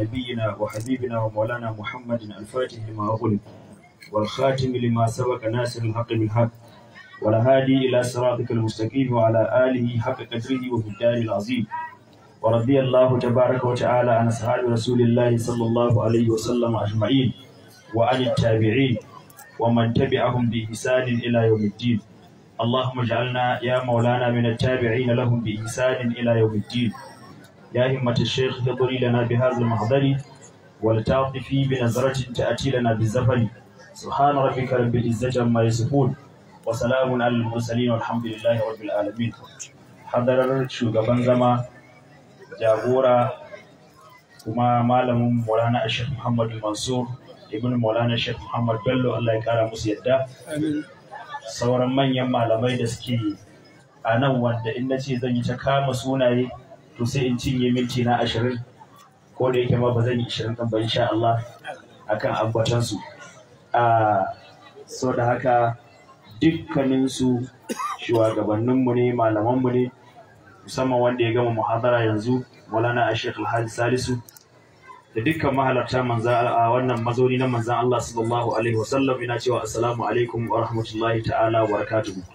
نبينا وحبيبنا ومولانا محمد الفاتح لما أغلق والخاتم لما سبق ناصر الحق بالحق والهادي إلى صراطك المستقيم وعلى آله حق قدره ومقداره العظيم ورضي الله تبارك وتعالى عن أصحاب رسول الله صلى الله عليه وسلم أجمعين وعن التابعين ومن تبعهم بإحسان إلى يوم الدين اللهم اجعلنا يا مولانا من التابعين لهم بإحسان إلى يوم الدين يا همة الشيخ تطري لنا بهذا المحضر ولتعطفي بنظرة تأتي لنا بالزفر سبحان ربك رب العزة عما يصفون وسلام على المرسلين والحمد لله رب العالمين حضر شوغبان زما جاغورا كما معلم مولانا الشيخ محمد المنصور ibn maulana sheikh muhammad bello allah ya kara musu yadda sauran manyan malamai da suke a nan wanda in na ce zan yi ta kama sunaye to sai in cinye minti na ashirin ko da yake ma ba zan yi ashirin kan ba insha Allah akan ambatansu a so da haka dukkaninsu shugabanninmu ne malamanmu ne musamman wanda ya gama muhadara yanzu wala a shekul hadi salisu da dukkan mahalarta a wannan mazauni na manzan Allah sallallahu alaihi wasallam ina cewa assalamu alaikum wa rahmatullahi ta'ala wa barakatuhu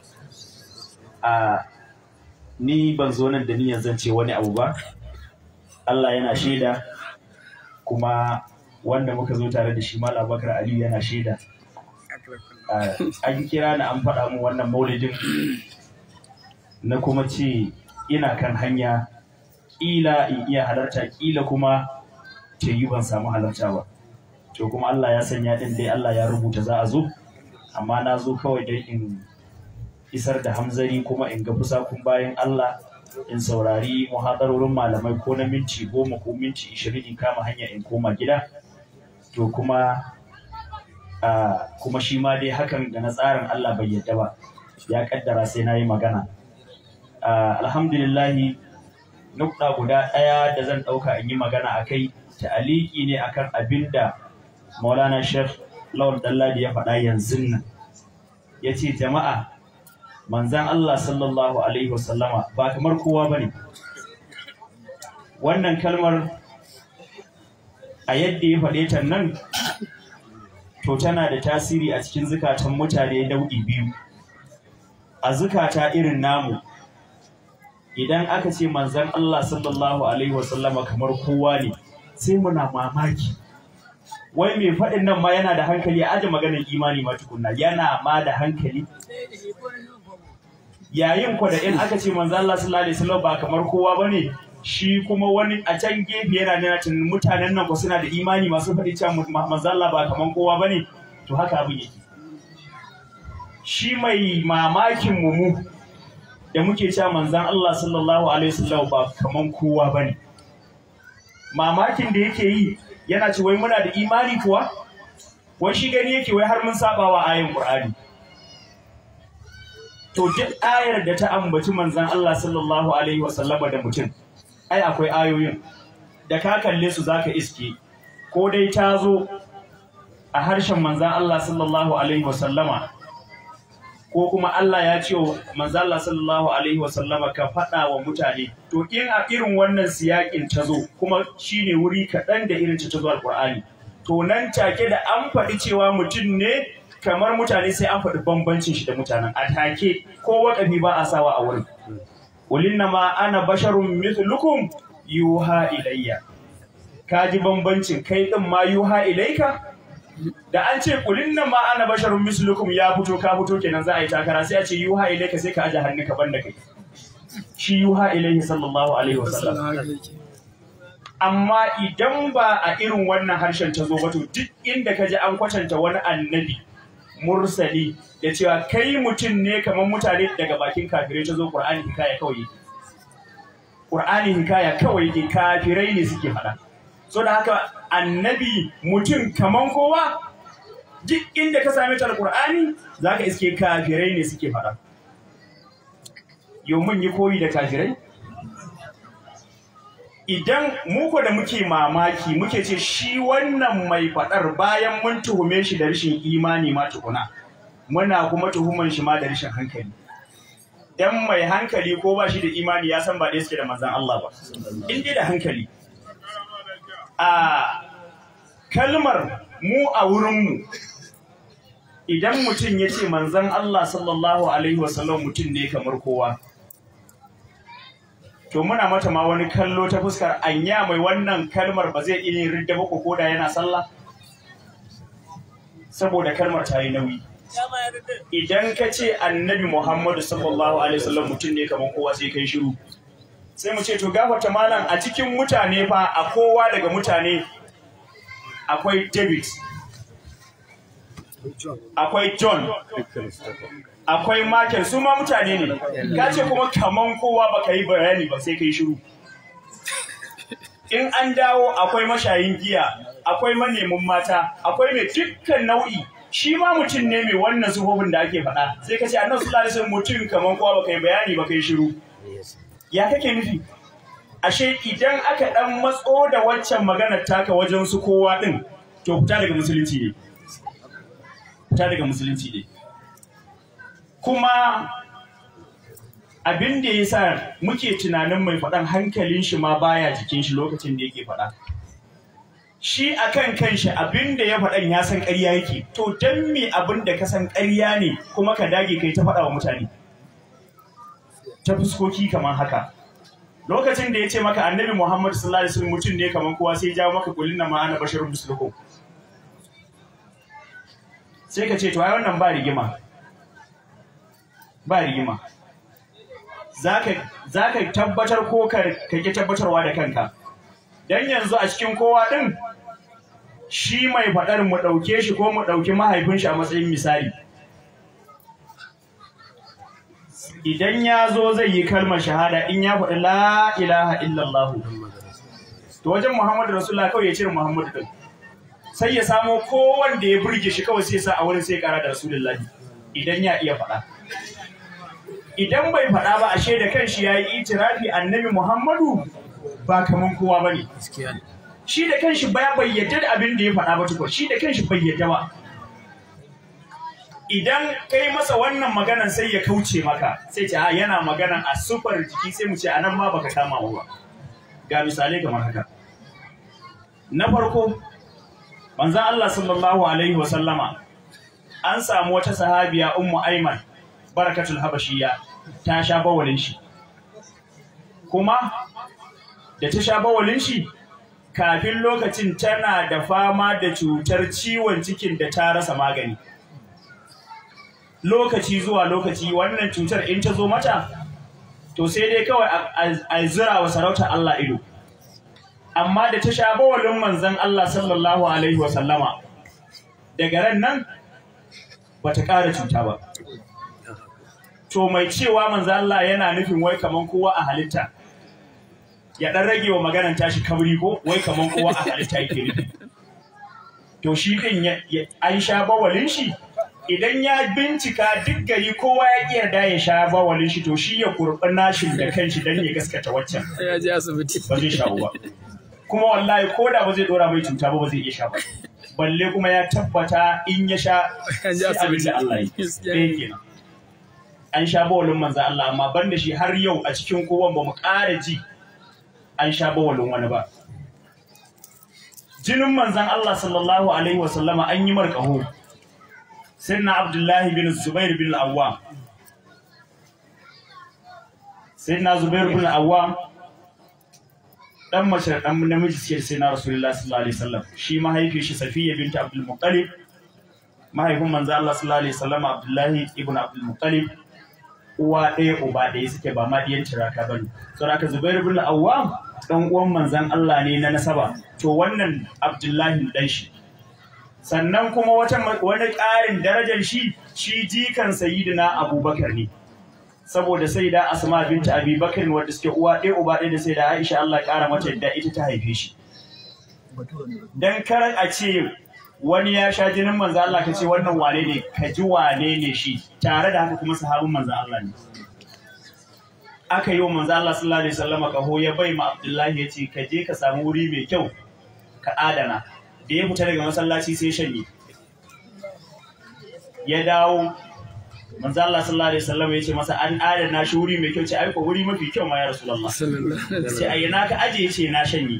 a ni ban zo nan da niyan zance ce wani abu ba Allah yana shaida kuma wanda muka zo tare da shi Malam Bakar Aliyu yana shaida an kira ni an faɗa mu wannan maulidin na kuma ce ina kan hanya ƙila in iya halarta ƙila kuma ce yi ban samu halarta ba to kuma Allah ya sanya din dai Allah ya rubuta za a zo amma na zo kawai don in isar da hamzari kuma in ga kun bayan Allah in saurari muhadarorin malamai ko na minti goma ko minti ishirin in kama hanya in koma gida to kuma kuma shi ma dai hakan da na tsarin Allah bai yadda ba ya kaddara sai na yi magana alhamdulillah nukta guda ɗaya da zan ɗauka in yi magana a kai aliki ne akan abin da maulana sheikh lawal dallabi ya faɗa yanzu nan ya ce jama'a manzan Allah sallallahu alaihi wasallama ba kamar kowa ba ne. wannan kalmar a yadda ya faɗe ta nan to tana da tasiri a cikin zukatan mutane nau'i biyu a zukata irin namu idan aka ce manzan Allah sallallahu alaihi wasallama kamar kowa ne sai muna mamaki wai mai faɗin nan ma yana da hankali a ajiye maganin imani ma yana ma da hankali yayin ku da in aka ce manzo Allah sallallahu alaihi wasallam ba kamar kowa bane shi kuma wani a can gefe yana nuna tunanin mutanen nan ko suna da imani masu faɗi cewa manzo Allah ba kamar kowa bane to haka abin yake shi mai mamakin mu mu da muke cewa manzo Allah sallallahu alaihi wasallam ba kamar kowa bane mamakin da yake yi yana ce wai muna da imani kuwa wai shi gani yake wai har mun saba wa ayin Qur'ani to duk ayar da ta ambaci manzan Allah sallallahu alaihi wasallama da mutum ai akwai ayoyin da ka kalle su zaka iske ko dai ta zo a harshen manzan Allah sallallahu alaihi wasallama ko kuma Allah ya ce manzan Allah sallallahu alaihi wasallama ka faɗa wa mutane to in a irin wannan siyakin ta zo kuma shi ne wuri kaɗan da irin ta zo alqur'ani to nan take da an faɗi cewa mutum ne kamar mutane sai an faɗi bambancin shi da mutanen a take ko waƙafi ba a sawa a wurin na ma ana basharun mithlukum yuha ilayya ka ji bambancin kai din ma yuha ilayka da an ce na ma ana basharun mithlukum ya fito ka fito kenan za a yi takara sai a ce yuha ilayka sai ka aje hannu ka banda kai shi yuha ilaihi sallallahu alaihi wasallam amma idan ba a irin wannan harshen ta zo ba to duk inda ka ji an kwatanta wani annabi mursali da cewa kai mutum ne kamar mutane daga bakin kafirai ta zo ƙur'ani hikaya kawai yake Qur'ani hikaya kawai yake kafirai ne suke faɗa so da haka annabi mutum kaman kowa duk inda ka same ta za ka iske kafirai ne suke faɗa yau mun yi koyi da kafirai idan muku da muke mamaki muke ce shi wannan mai faɗar bayan mun tuhume shi da rashin imani ma tukuna muna kuma tuhuman shi ma da rashin hankali dan mai hankali ko ba shi da imani ya san ba ɗaya suke da manzan Allah ba in dai da hankali a kalmar mu a wurinmu idan mutum ya ce manzan Allah sallallahu alaihi wasallam mutum ne kamar kowa to muna mata ma wani kallo ta fuskar anya mai wannan kalmar ba zai iya ridda ba ko da yana sallah saboda kalmar ta yi nauyi idan ka ce annabi muhammadu sallallahu alaihi wasallam mutum ne kamar kowa sai kai shiru sai mu ce to gafarta malam a cikin mutane fa a kowa daga mutane akwai david akwai john akwai makin su ma mutane ne ka ce kuma kaman kowa baka yi bayani ba sai ka yi shiru in an dawo akwai mashayin giya akwai manemin mata akwai mai dukkan nau'i shi ma mutum ne mai wannan zuhobin da ake faɗa sai ka ce a nan alaihi lalace mutum kaman kowa baka yi bayani baka yi shiru ya kake nufi ashe idan aka ɗan matso da waccan maganar taka wajen su kowa ɗin, to fita daga fita daga musulunci ne kuma abin da ya sa muke tunanin mai faɗan hankalin shi ma baya jikin shi lokacin da yake faɗa shi a kan kanshi abin da ya faɗan ya san ƙarya yake to don me abin da ka san ƙarya ne kuma ka dage kai ta faɗa wa mutane ta fuskoki kamar haka lokacin da ya ce maka annabi Muhammad sallallahu alaihi wasallam mutum ne kamar kowa sai jawo maka kullun na ma'ana basharun muslukum sai ka ce to ai wannan ba rigima ba rigima za ka tabbatar ko ka ke tabbatarwa da kanka don yanzu a cikin kowa ɗin shi mai faɗar mu ɗauke shi ko mu ɗauki mahaifin shi a matsayin misali idan ya zo zai yi kalmar shahada in ya faɗi la ilaha illallah to wajen muhammadu rasulullah kawai ya cire muhammadu ɗin sai ya samo kowanne ya burge shi kawai sai sa a wurin sai kara da rasulullah idan ya iya faɗa idan bai faɗa ba ashe da kanshi ya yi itirafi annabi muhammadu ba kaman kowa ba ne shi da kanshi shi bai yadda da abin da ya faɗa ba tukwa shi da kanshi shi yadda ba idan kai masa wannan maganan sai ya kauce maka sai ce ah, yana maganan a sufar jiki sai mu ce a nan ma baka kama ba ga misalai kamar haka na farko manzan Allah sallallahu alaihi wa sallama an samu wata sahabiya ummu aiman barakatul habashiyya ta sha bawalin shi kuma da ta sha bawalin shi kafin lokacin tana da fama da cutar ciwon cikin da ta rasa magani lokaci zuwa lokaci wannan cutar in ta zo mata to sai dai kawai a zura wa sarauta Allah ido amma da ta sha bawalin manzon Allah sallallahu alaihi wa sallama daga ran nan bata ƙara cuta ba to mai cewa manzan Allah yana nufin wai kaman kowa a halitta ya dan rage wa maganan tashi kabri ko wai kaman kowa a halitta yake nufi to shi din an sha bawalin shi idan ya bincika duk gari kowa ya ƙi yarda ya sha bawalin shi to shi ya kurɓi nashin da kanshi dan ya gaskata waccan ya je asibiti ba zai sha ba kuma wallahi ko da ba zai dora mai cuta ba ba zai iya sha ba balle kuma ya tabbata in ya sha sai abin da Allah ya yi kenan an sha bawalin manzan Allah amma ban da shi har yau a cikin kowan ba mu ƙara ji an sha bawalin wani ba jinin manzan Allah sallallahu alaihi wasallama an yi marƙaho sayyidina abdullahi bin zubair bin awwa sayyidina zubair bin awwa dan mace dan namiji sai sayyidina rasulullahi sallallahu alaihi wasallam shi mahaifi shi safiya binta abdul muqallib mahaifin manzo Allah sallallahu alaihi wasallam Abdullahi ibn Abdul Muttalib uwa ɗaya uba ɗaya suke ba ma ɗiyan ciraka ba ne saboda zubairu bin awwam Ɗan uwan manzan Allah ne na nasaba to wannan abdullahi dan shi sannan kuma wata wani ƙarin darajar shi shi jikan sayyidina abubakar ne saboda sai da asma binta abubakar wanda suke uwa ɗaya uba ɗaya da sai da aisha Allah ƙara mata yadda ita ta haife shi dan kar a ce wani ya sha jinin manzo Allah ka ce wannan wane ne ka ji wane ne shi tare da haka kuma sahabin manzo Allah ne aka yi wa manzo Allah sallallahu alaihi wasallam kaho ya bai ma Abdullahi ya ce ka je ka samu wuri mai kyau ka adana da ya fita daga masallaci sai shanye ya dawo manzo Allah sallallahu alaihi wasallam ya ce masa an adana shi wuri mai kyau ce ai ko wuri mafi kyau ma ya Rasulullah sai ayyana ka aje ya ce na shanye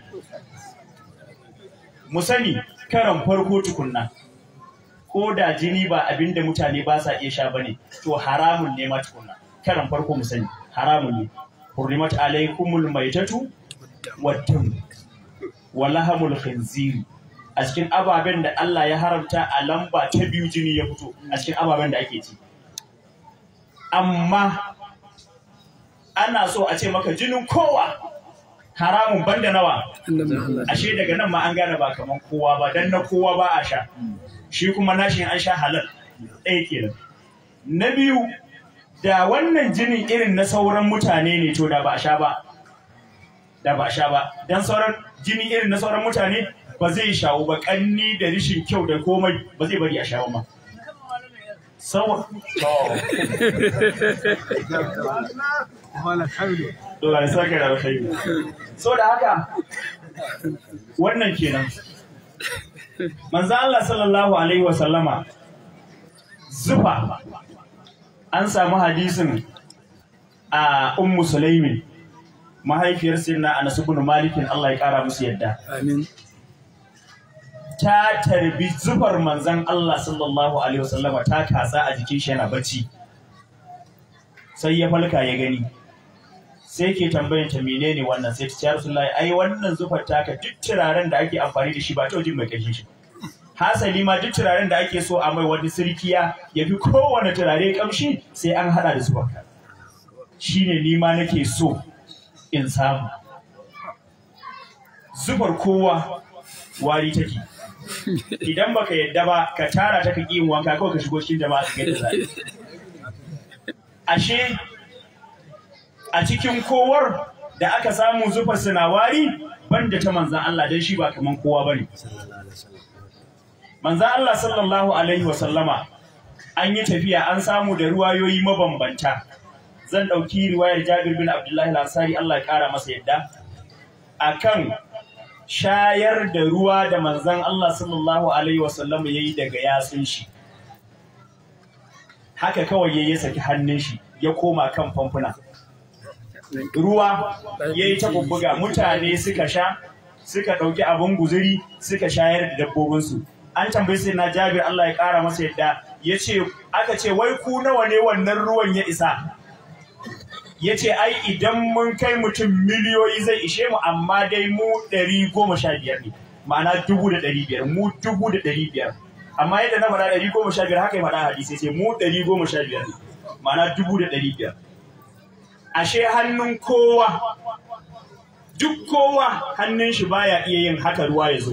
mu sani karan farko tukunna ko da jini ba abin da mutane ba sa iya sha bane to haramun ne ma tukunna karan farko mu sani haramun ne hurrimat alaikumul maitatu waddam walahamul khinziri a cikin ababen da Allah ya haramta a lamba ta biyu jini ya fito a cikin ababen da ake ci amma ana so a ce maka jinin kowa haramun banda nawa ashe daga nan ma an gane ba kaman kowa ba dan na kowa ba a sha shi kuma nashi an sha halal ɗaya kenan na biyu da wannan jinin irin na sauran mutane ne to da ba a sha ba da ba a sha ba dan sauran jinin irin na sauran mutane ba zai shawo ba kanni da rishin kyau da komai ba zai bari a sha ba sama Allah ya saka da alkhairi da haka wannan kenan manzo Allah sallallahu alaihi wa sallama zufa an samu hadisin a ummu sulaimin mahaifiyar sinna anas ibn malikin Allah ya kara musu yadda amin ta tarbi zubar manzan Allah sallallahu alaihi wasallama ta kasa a jikin shi yana bacci sai ya falka ya gani sai ke tambayin ta menene wannan sai ta Rasulullahi ai wannan zufar taka duk turaren da ake amfani da shi ba ta wajen mai kashin shi hasali ma duk turaren da ake so a mai wani sirkiya ya fi kowane turare kamshi sai an hada da zufar ka shine ni ma nake so in samu zufar kowa wari take idan baka yadda ba ka tara ta ka yin wanka kawai ka shigo cikin jama'a ka da zai ashe a cikin kowar da aka samu zufa sinawari banda ta manzan Allah dan shi ba kaman kowa bane manzan Allah sallallahu alaihi wa an yi tafiya an samu da ruwayoyi mabambanta zan ɗauki riwayar Jabir bin Abdullahi al-Ansari Allah ya ƙara masa yadda akan shayar da ruwa da manzan Allah sallallahu alaihi wasallam ya yi daga yatsun shi haka kawai ya yi saki hannun shi ya koma kan famfuna ruwa ya yi ta mutane suka sha suka ɗauki abin guzuri suka shayar da dabbobinsu an tambayi sai na jabir Allah ya ƙara masa yadda ya ce aka ce wai ku nawa ne wannan ruwan ya isa ya ce ai idan mun kai mutum miliyoyi zai ishe mu amma dai mu ɗari goma sha biyar ne ma'ana dubu da ɗari biyar mu dubu da ɗari biyar amma yadda na faɗa ɗari goma sha biyar haka ya faɗa hadisi sai mu ɗari goma sha biyar ne ma'ana dubu da ɗari biyar ashe hannun kowa duk kowa hannun shi baya iya yin haka ruwa ya zo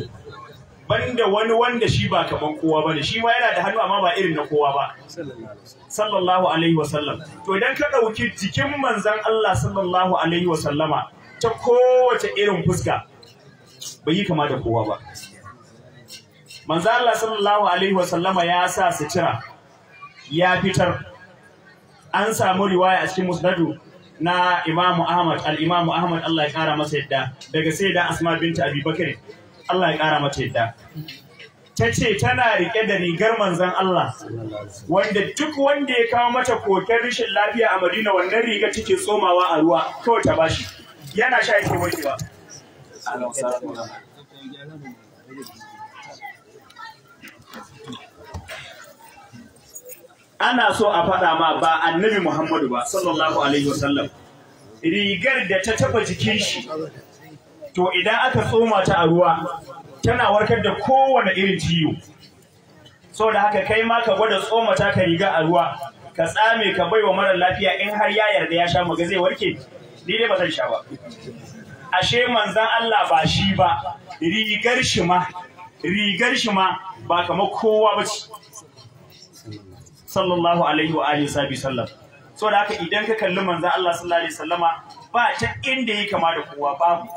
banda wani wanda shi ba kaman kowa ba ne shi ma yana da hannu amma ba irin na kowa ba sallallahu alaihi wasallam to idan ka ɗauki jikin manzan Allah sallallahu alaihi wasallama ta kowace irin fuska bai yi kama da kowa ba manzan Allah sallallahu alaihi wasallama ya sa sutura ya fitar an samu riwaya a cikin musnadu na imamu ahmad al-imamu ahmad Allah ya kara masa yadda daga sai da asma binta abubakar Allah ya ƙara mata yadda ta ce tana riƙe da rigar manzan Allah wanda duk wanda ya kawo mata koken rashin lafiya a Madina wannan riga take tsomawa a ruwa kawai ta bashi yana sha yake ba. ana so a faɗa ma ba annabi Muhammadu ba sallallahu alaihi wasallam rigar da ta taɓa jikin shi to idan aka tsoma ta a ruwa tana warkar da kowane irin ciwo so da haka kai ma ka gwada tsoma ta ka riga a ruwa ka tsame ka bai wa mara lafiya in har ya yarda ya sha maga zai warke ni dai ba zan sha ba ashe manzan Allah ba shi ba rigar shi ma rigar shi ma ba kamar kowa ba ce sallallahu alaihi wa alihi sabi sallam saboda haka idan ka kalli manzan Allah sallallahu alaihi wasallama ba ta inda yake kama da kowa babu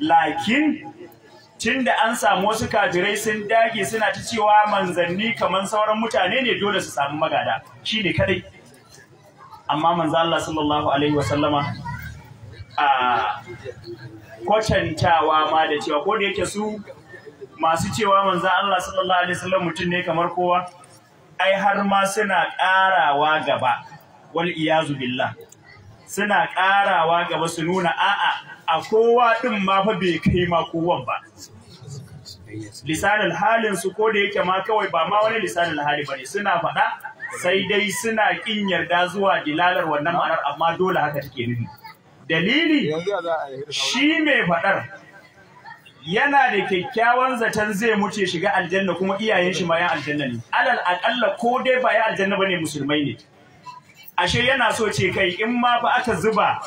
lakin tun da an samu wasu kajirai sun dage suna ta cewa manzanni kamar sauran mutane ne dole su samu magada shi ne kadai amma manza Allah sallallahu alaihi wasallama a kwatantawa ma da cewa ko da yake su masu cewa manza Allah sallallahu alaihi wasallam mutum ne kamar kowa ai har ma suna karawa gaba wal iyazu billah suna karawa gaba su nuna a'a a kowa ɗin ma fa bai kai ma kowan ba lisanin halin su ko da yake ma kawai ba ma wani lisanin hali ba ne. suna faɗa sai dai suna ƙin yarda zuwa dilalar wannan ma'anar amma dole haka take nufi dalili shi mai faɗar yana da kyakkyawan zaton zai muce shiga aljanna kuma iyayen shi ma ya aljanna ne alal akalla ko dai ba ya aljanna ba ne musulmai ne ashe yana so ce kai in ma fa aka zuba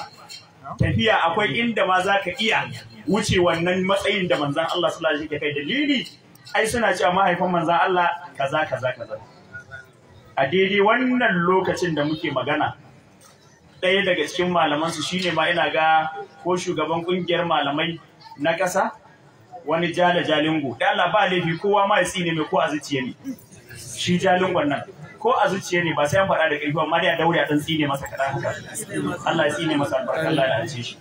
tafiya akwai inda ma za ka iya wuce wannan matsayin da manzan Allah su lashe kai dalili ai suna cewa mahaifin manzan Allah kaza kaza kaza a daidai wannan lokacin da muke magana ɗaya daga cikin malamansu su shine ma ina ga ko shugaban ƙungiyar malamai na ƙasa wani jala jalingo da Allah ba laifi kowa ma ya tsine mai ko a zuciya ne shi jalingon nan ko a zuciya ne ba sai an faɗa da ƙarfi amma dai a daure a ɗan tsine masa kaɗan haka Allah ya tsine masa albarka Allah ya ce shi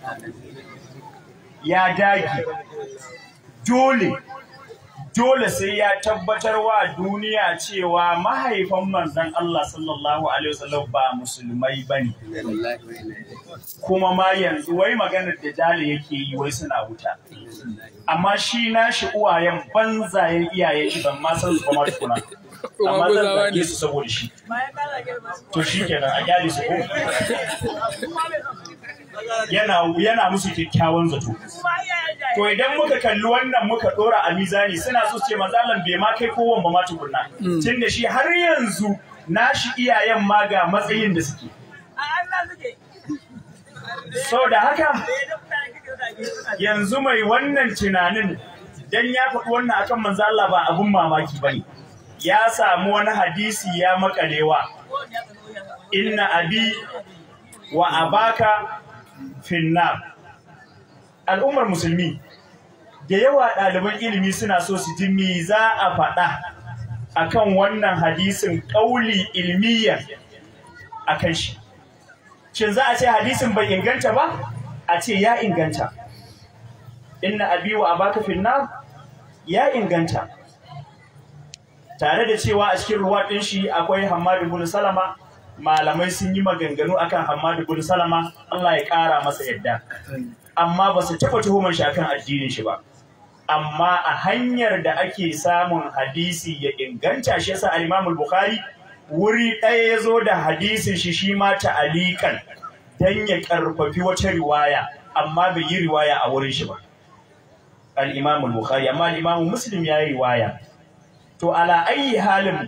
ya dage dole dole sai ya tabbatar wa duniya cewa mahaifan manzan Allah sallallahu alaihi wasallam ba musulmai ba ne. Kuma ma yanzu wai maganar da dale yake yi wai suna wuta. Amma shi nashi uwayen banza banzayen iyaye shi ban ma san su kuma tukuna. amma zan zage su saboda shi to shi kenan a gyale su ko yana yana musu kyakkyawan zato to idan muka kalli wannan muka dora a mizani suna so ce manzalan bai ma kai kowan ba ma tukunna mm. tunda shi har yanzu nashi iyayen ma ga matsayin da suke so da haka eh, yanzu mai wannan tunanin dan ya faɗi wannan akan manzo Allah ba abun mamaki bane ya samu wani hadisi ya makalewa inna abi wa abaka finna al'ummar musulmi da yawa ɗaliban ilimi suna so su ji za a faɗa akan wannan hadisin ƙauli ilmiyyar kan shi shin za a ce hadisin bai inganta ba a ce ya inganta inna abi wa abaka finna ya inganta tare da cewa a cikin ruwa ɗin shi akwai hamadu ibn Salama malamai sun yi maganganu akan hamadu ibn Salama Allah ya ƙara masa yadda amma ba su taɓa tuhumar shi akan addinin shi ba amma a hanyar da ake samun hadisi ya inganta shi yasa al-Imam al-Bukhari wuri ɗaya ya zo da hadisin shi shi ma alikan dan ya karfafi wata riwaya amma bai yi riwaya a wurin shi ba al-Imam amma al-Imam Muslim ya yi riwaya to ala ayi halin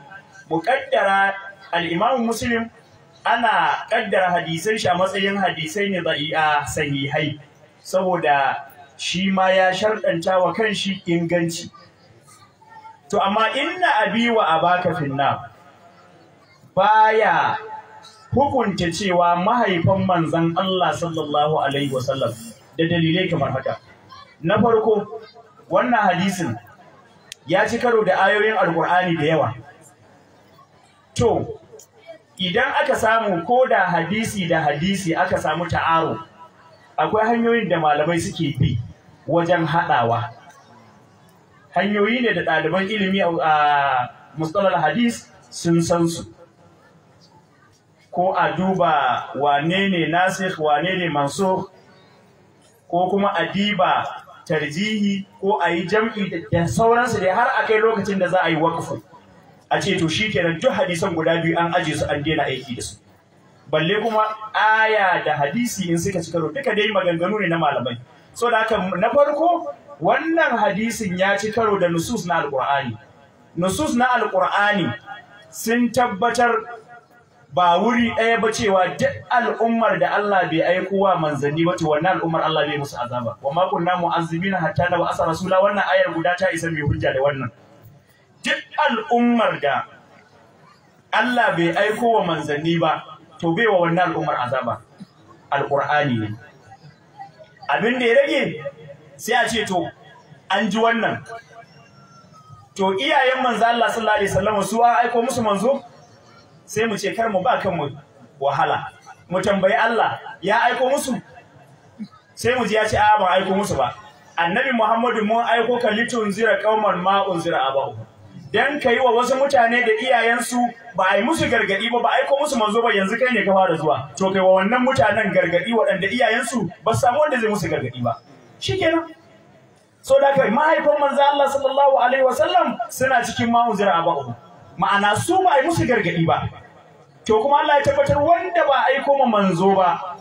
mu kaddara al-imam muslim ana kaddara hadisan shi a matsayin hadisai ne da'i'a sahihai saboda shi ma ya sharɗanta wa kanshi inganci to amma inna abi wa abaka finna baya hukunta cewa mahaifan manzon Allah sallallahu alaihi wasallam da dalilai kamar haka na farko wannan hadisin ya ci karo da ayoyin alkur'ani da yawa to idan aka samu ko da hadisi da hadisi aka samu ta'aro akwai hanyoyin da malamai suke bi wajen haɗawa hanyoyi ne da ɗaliban ilimi a mustalar hadis sun san su ko a duba wane ne nasir wane ne mansur ko kuma a diba tarjihi ko a yi jam'i da sauransu dai har a kai lokacin da za a yi wakufu a ce to shi kenan duk hadisan guda biyu an aje su an daina aiki da su balle kuma aya da hadisi in suka ci karo duka dai maganganu ne na malamai so da haka na farko wannan hadisin ya ci karo da nusus na Alƙur'ani. nusus na Alƙur'ani sun tabbatar ba wuri ɗaya ba cewa duk al'ummar da Allah bai aiko wa manzanni ba to wannan al'ummar Allah bai musu azaba wa ma kunna mu'azzibina hatta nabu asa rasula wannan ayar guda ta isa mai hujja da wannan duk al'ummar da Allah bai aiko wa manzanni ba to bai wa wannan al'ummar azaba alqur'ani ne abin da ya rage sai a ce to an ji wannan to iyayen manzo Allah sallallahu alaihi wasallam su an aiko musu manzo sai mu ce kar mu ba kanmu wahala mu tambayi Allah ya aiko musu sai mu ji ya ce a ban aiko musu ba annabi Muhammadu mun aiko ka litun zira qauman ma unzira abahu dan kai wa wasu mutane da iyayensu ba a yi musu gargadi ba ba aiko musu manzo ba yanzu kai ne ka fara zuwa to kai wa wannan mutanen gargadi waɗanda iyayensu ba su samu wanda zai musu gargadi ba shikenan so da kai mahaifin manzo Allah sallallahu alaihi wasallam suna cikin ma unzira abahu ma'ana su ba a yi musu gargaɗi ba to kuma Allah ya tabbatar wanda ba aiko ma manzo ba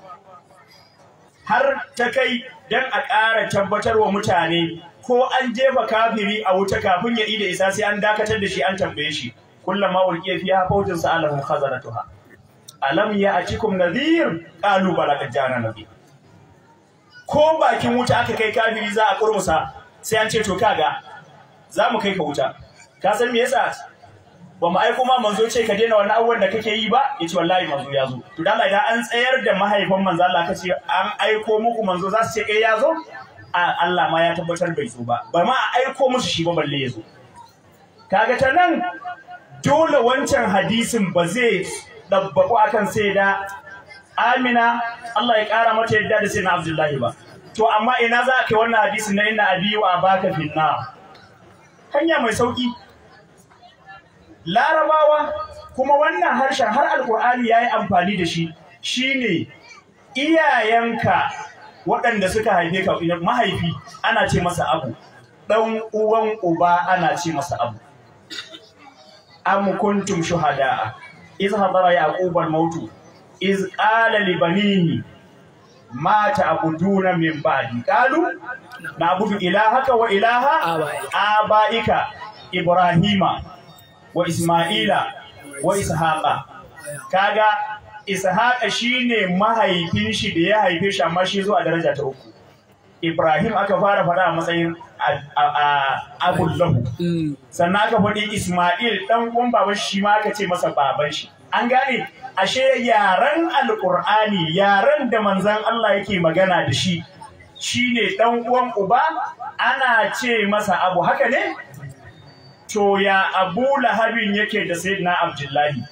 har ta kai dan a ƙara tabbatar wa mutane ko an jefa kafiri a wuta kafin ya ida isa sai an dakatar da shi an tambaye shi kullum ma ulqiya fiha fawjun sa'alahum khazaratuha alam ya'tikum nadhir qalu bala qad ja'ana ko bakin wuta aka kai kafiri za a kurmusa sai an ce to kaga za mu kai ka wuta ka san me yasa ba mu aiko ma manzo ce ka daina wani abubuwan da kake yi ba yace wallahi manzo ya zo to dala idan an tsayar da mahaifan manzo Allah ce an aiko muku manzo za su ce eh ya zo Allah ma ya tabbatar bai zo ba ba ma aiko musu shi ba balle ya zo kaga ta nan dole wancan hadisin ba zai dabbaku akan sai da Amina Allah ya kara mata yadda da sai na Abdullahi ba to amma ina za ka wannan hadisin na inna abi wa baka finna hanya mai sauki larabawa kuma wannan harshen har alkur'ani ya yi amfani da shi shine iyayenka waɗanda suka haife ka mahaifi ana ce masa abu ɗan uwan uba ana ce masa abu am kuntum shuhada'a iz hadara yaqub al-maut iz qala li banihi ma ta'buduna min ba'di qalu na'budu ka wa ilaha abaika ibrahima wa Isma'ila wa Ishaqa kaga Ishaqa shine mahaifin shi da ya haife shi amma shi zuwa daraja ta uku Ibrahim aka fara faɗa a matsayin abul lahu mm. sannan aka faɗi Isma'il dan uwan baban shi ma aka ce masa baban shi an gane ashe yaran alqur'ani yaran da manzon Allah yake magana da shi shine dan uwan uba ana ce masa abu haka ne to ya abu lahabin yake da sai na abdullahi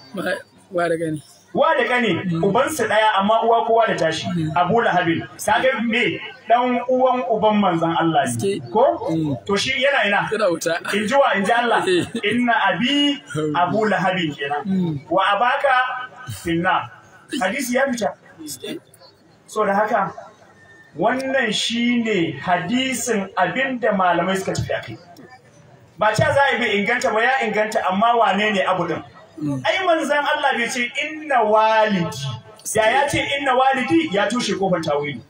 wa da gani wa da gani mm. ubansu daya amma uwa kowa da tashi mm. abu lahabin sage me dan uwan uban manzan Allah ne ko mm. to shi yana ina yana wuta in ji wa in ji Allah eh. inna abi abu lahabin kenan wa abaka finna hadisi ya fita so da haka wannan shine hadisin abinda malamai suka tafi akai ba ce za a yi bai inganta ba ya inganta amma wane ne abu din ai manzan Allah bai ce inna walidi da ya ce inna walidi ya tushe kofar tawili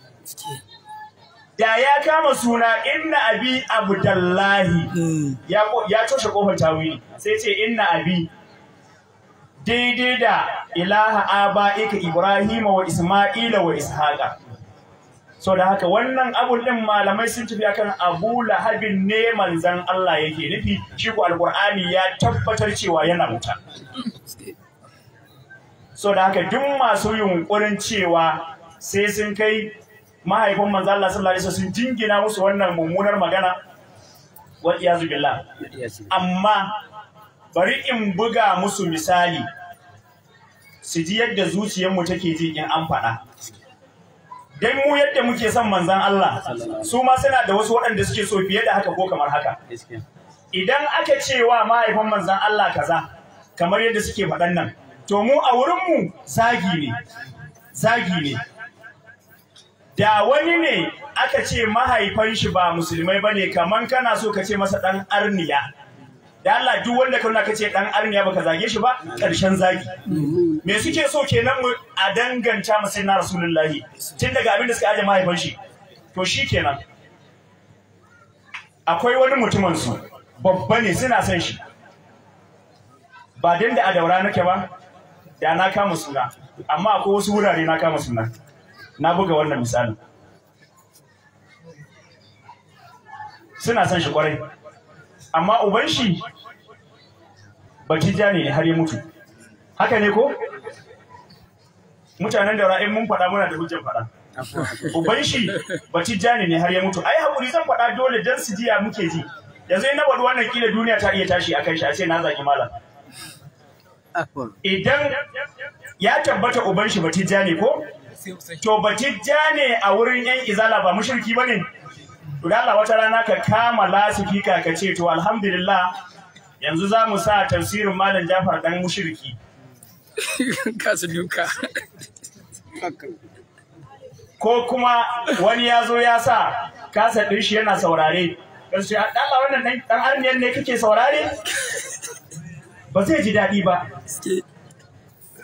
da ya kama suna inna abi abdullahi ya tushe kofar tawili sai ce inna abi daidai da ilaha aba'ika ibrahima wa isma'ila wa ishaqa so da haka wannan abun din malamai sun tafi akan abu lahabin ne manzan Allah yake nufi shi ko alqur'ani ya tabbatar cewa yana wuta so da haka duk masu yunkurin cewa sai sun kai mahaifin manzan Allah sallallahu alaihi sun jingina musu wannan mummunar magana wa iyazu billah amma bari in buga musu misali su ji yadda zuciyarmu take ji in an faɗa dan mu yadda muke son manzan Allah su ma suna da wasu waɗanda suke so fiye da haka ko kamar haka idan aka cewa wa mahaifin manzan Allah kaza kamar yadda suke faɗan nan to mu a wurin mu zagi ne zagi ne da wani ne aka ce mahaifan shi ba musulmai bane kamar kana so ka ce masa dan arniya da Allah duk wanda ka ka ce dan arniya baka zage shi ba ƙarshen zagi me suke so kenan mu a danganta mu na rasulullahi tun daga abin da suka aje mahaifan shi to shi kenan akwai wani mutumin su babba ne suna son shi ba dan da a daura nake ba da na kama suna amma akwai wasu wurare na kama suna na buga wannan misali suna son shi kwarai amma uban shi ja ne har ya mutu haka ne ko mutanen da ra'ayin mun faɗa muna da hujjar faɗa uban shi barkija ne har ya mutu ai hakuri zan faɗa dole dan su jiya muke ji yanzu na faɗi wannan kila duniya ta iya tashi akan shi a ce na zaki malam idan ya tabbata ubban shi ne ko to batijja ne a wurin yan izala ba mushirki bane to da Allah wata rana ka kama lasifika ka ce to alhamdulillah yanzu za mu sa tafsirin malam jafar dan mushirki kasu duka ko kuma wani ya zo ya sa kasa ɗin shi yana saurare kasu ya ah, ɗala wannan ɗan arniyar ne kake saurare ba zai ji daɗi ba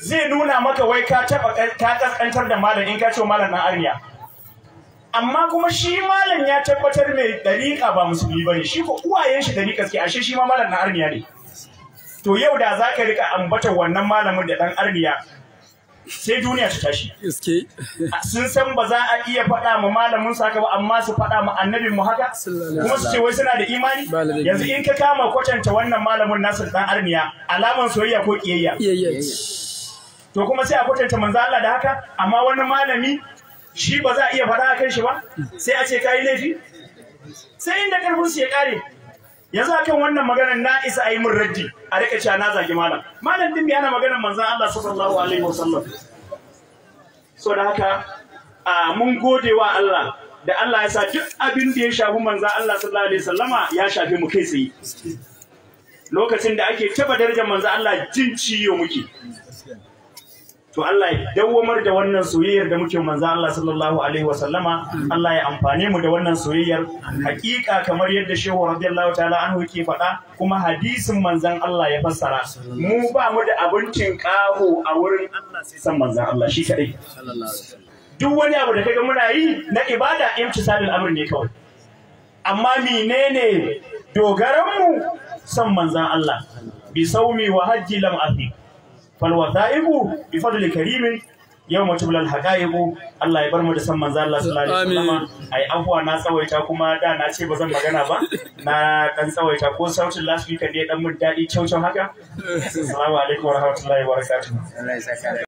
zai nuna maka wai ka taɓa ka da malam in ka ce malam ɗan arniya amma kuma shi malam ya tabbatar mai dariƙa ba musulmi ba ne shi ko uwayen shi dariƙa suke ashe shi ma malam na armiya ne to yau da za ka rika ambata wannan malamin da ɗan armiya sai duniya ta tashi sun san ba za a iya faɗa ma malamin saka ba amma su faɗa ma annabin mu haka kuma su ce wai suna da imani yanzu in ka kama kwatanta wannan malamin nasu ɗan armiya alaman soyayya ko ƙiyayya to kuma sai a kwatanta manzo Allah da haka amma wani malami shi ba za a iya faɗa a kan shi ba sai a ce ka yi laifi sai inda karfin su ya kare yanzu akan wannan maganar na isa a yi min raddi a rika cewa na zagi malam malam din ana maganar manzon Allah sallallahu alaihi wasallam so da haka mun gode wa Allah da Allah ya sa duk abin da ya shafi manzon Allah sallallahu alaihi wasallama ya shafi mu kai tsaye lokacin da ake taba darajar manzon Allah jin ciyo muke to Allah ya dawwamar da wannan soyayyar da muke manzo Allah sallallahu alaihi wa sallama Allah ya amfane mu da wannan soyayyar hakika kamar yadda Shehu radiyallahu ta'ala anhu yake faɗa kuma hadisin manzon Allah ya fassara mu ba mu da abincin kaho a wurin Allah sai san manzon Allah shi kadai duk wani abu da kaga muna yi na ibada sadin amr ne kawai amma menene dogaran mu san manzon Allah bi saumi wa hajji lam afiq falwasaibu bi fadli karimin yau mace bulal Allah ya bar mu da san manzo Allah sallallahu alaihi wasallam ai afwa na tsawaita kuma da na ce ba zan magana ba na dan tsawaita ko sautin last ne dan mun dadi caucau haka assalamu alaikum warahmatullahi wabarakatuh